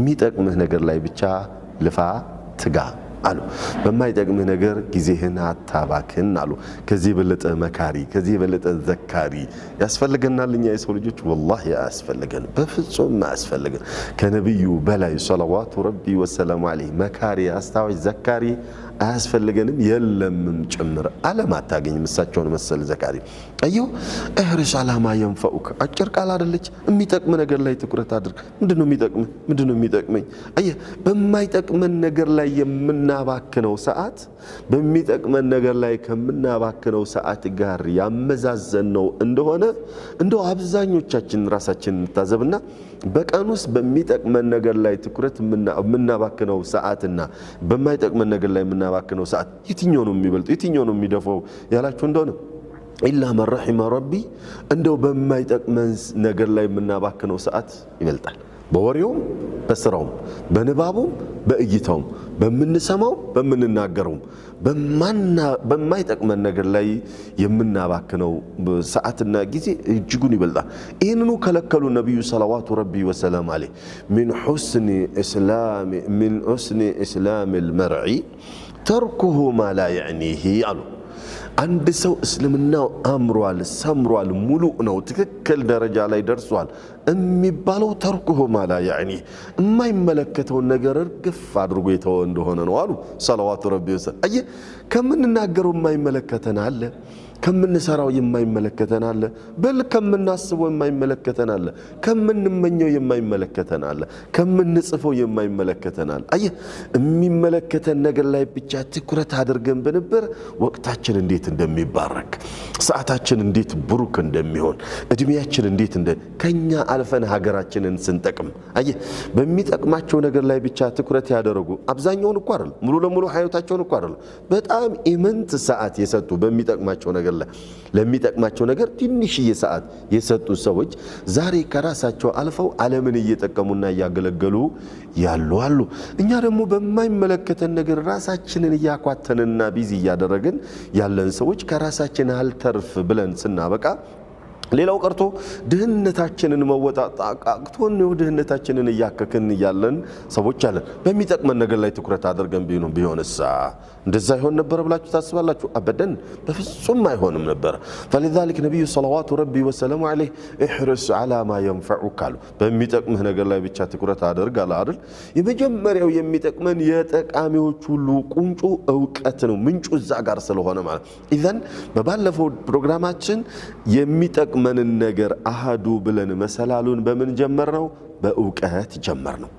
የሚጠቅምህ ነገር ላይ ብቻ ልፋ፣ ትጋ። አሉ። በማይጠቅምህ ነገር ጊዜህን አታባክን አሉ። ከዚህ የበለጠ መካሪ፣ ከዚህ የበለጠ ዘካሪ ያስፈልገናል። እኛ የሰው ልጆች ወላሂ አያስፈልገን፣ በፍጹም አያስፈልገን። ከነቢዩ በላይ ሰለዋቱ ረቢ ወሰላሙ አለይህ መካሪ፣ አስታዋሽ፣ ዘካሪ አያስፈልገንም የለምም ጭምር። አለም አታገኝም እሳቸውን መሰል ዘካሪ። አየሁ እህርስ አላማ የንፈኡክ አጭር ቃል አደለች። የሚጠቅም ነገር ላይ ትኩረት አድርግ። ምንድነው የሚጠቅም? ምንድነው የሚጠቅመኝ? አየህ በማይጠቅመን ነገር ላይ የምና ከምናባክነው ሰዓት በሚጠቅመን ነገር ላይ ከምናባክነው ሰዓት ጋር ያመዛዘን ነው እንደሆነ እንደው አብዛኞቻችን ራሳችን እንታዘብና በቀን ውስጥ በሚጠቅመን ነገር ላይ ትኩረት የምናባክነው ሰዓትና በማይጠቅመን ነገር ላይ የምናባክነው ሰዓት የትኛው ነው የሚበልጠው? የትኛው ነው የሚደፋው ያላችሁ እንደሆነ ኢላ መን ረሒመ ረቢ እንደው በማይጠቅመን ነገር ላይ የምናባክነው ሰዓት ይበልጣል። በወሬውም በስራውም በንባቡም በእይታውም በምንሰማው በምንናገረውም በማይጠቅመን ነገር ላይ የምናባክነው ሰዓትና ጊዜ እጅጉን ይበልጣል። ይህንኑ ከለከሉ ነቢዩ ሰለዋቱ ረቢ ወሰላም አለ ሚን ሑስኒ እስላሚ ልመርዒ ተርኩሁ ማ ላ አሉ አንድ ሰው እስልምናው አምሯል፣ ሰምሯል፣ ሙሉ ነው፣ ትክክል ደረጃ ላይ ደርሷል የሚባለው ተርኩሁ ማላ ያዕኒ የማይመለከተውን ነገር እርግፍ አድርጎ የተወ እንደሆነ ነው አሉ ሰለዋቱ ረቢ ወሰለም። አየህ ከምንናገረው የማይመለከተን አለ ከምንሰራው የማይመለከተን አለ። በል ከምናስበው የማይመለከተን አለ። ከምንመኘው የማይመለከተን አለ። ከምንጽፈው የማይመለከተን አለ። አየህ፣ የሚመለከተን ነገር ላይ ብቻ ትኩረት አድርገን ብንበር ወቅታችን እንዴት እንደሚባረክ፣ ሰዓታችን እንዴት ብሩክ እንደሚሆን፣ እድሜያችን እንዴት እንደ ከኛ አልፈን ሀገራችንን ስንጠቅም። አየ በሚጠቅማቸው ነገር ላይ ብቻ ትኩረት ያደረጉ አብዛኛውን እኳ አይደለም ሙሉ ለሙሉ ሀይወታቸውን እኳ አይደለም በጣም ኢምንት ሰዓት የሰጡ በሚጠቅማቸው ነገር ነገር ለሚጠቅማቸው ነገር ትንሽዬ ሰዓት የሰጡ ሰዎች ዛሬ ከራሳቸው አልፈው ዓለምን እየጠቀሙና እያገለገሉ ያሉ አሉ። እኛ ደግሞ በማይመለከተን ነገር ራሳችንን እያኳተንና ቢዚ እያደረግን ያለን ሰዎች ከራሳችን አልተርፍ ብለን ስናበቃ ሌላው ቀርቶ ድህነታችንን መወጣት አቃቅቶን ነው ድህነታችንን እያከክን እያለን ሰዎች አለን። በሚጠቅመን ነገር ላይ ትኩረት አድርገን ቢሆኑ ቢሆንሳ እንደዛ ይሆን ነበረ ብላችሁ ታስባላችሁ? አበደን፣ በፍጹም አይሆንም ነበረ። ፈሊዛሊክ ነቢዩ ሰለዋቱ ረቢ ወሰላሙ ዓለይህ እሕርስ ዓላ ማ የንፈዑክ አሉ። በሚጠቅምህ ነገር ላይ ብቻ ትኩረት አድርግ አለ አይደል? የመጀመሪያው የሚጠቅመን የጠቃሚዎች ሁሉ ቁንጮ እውቀት ነው። ምንጩ እዛ ጋር ስለሆነ ማለት ኢዘን በባለፈው ፕሮግራማችን የሚጠቅም የጠቅመንን ነገር አሃዱ ብለን መሰላሉን በምን ጀመር ነው? በእውቀት ጀመር ነው።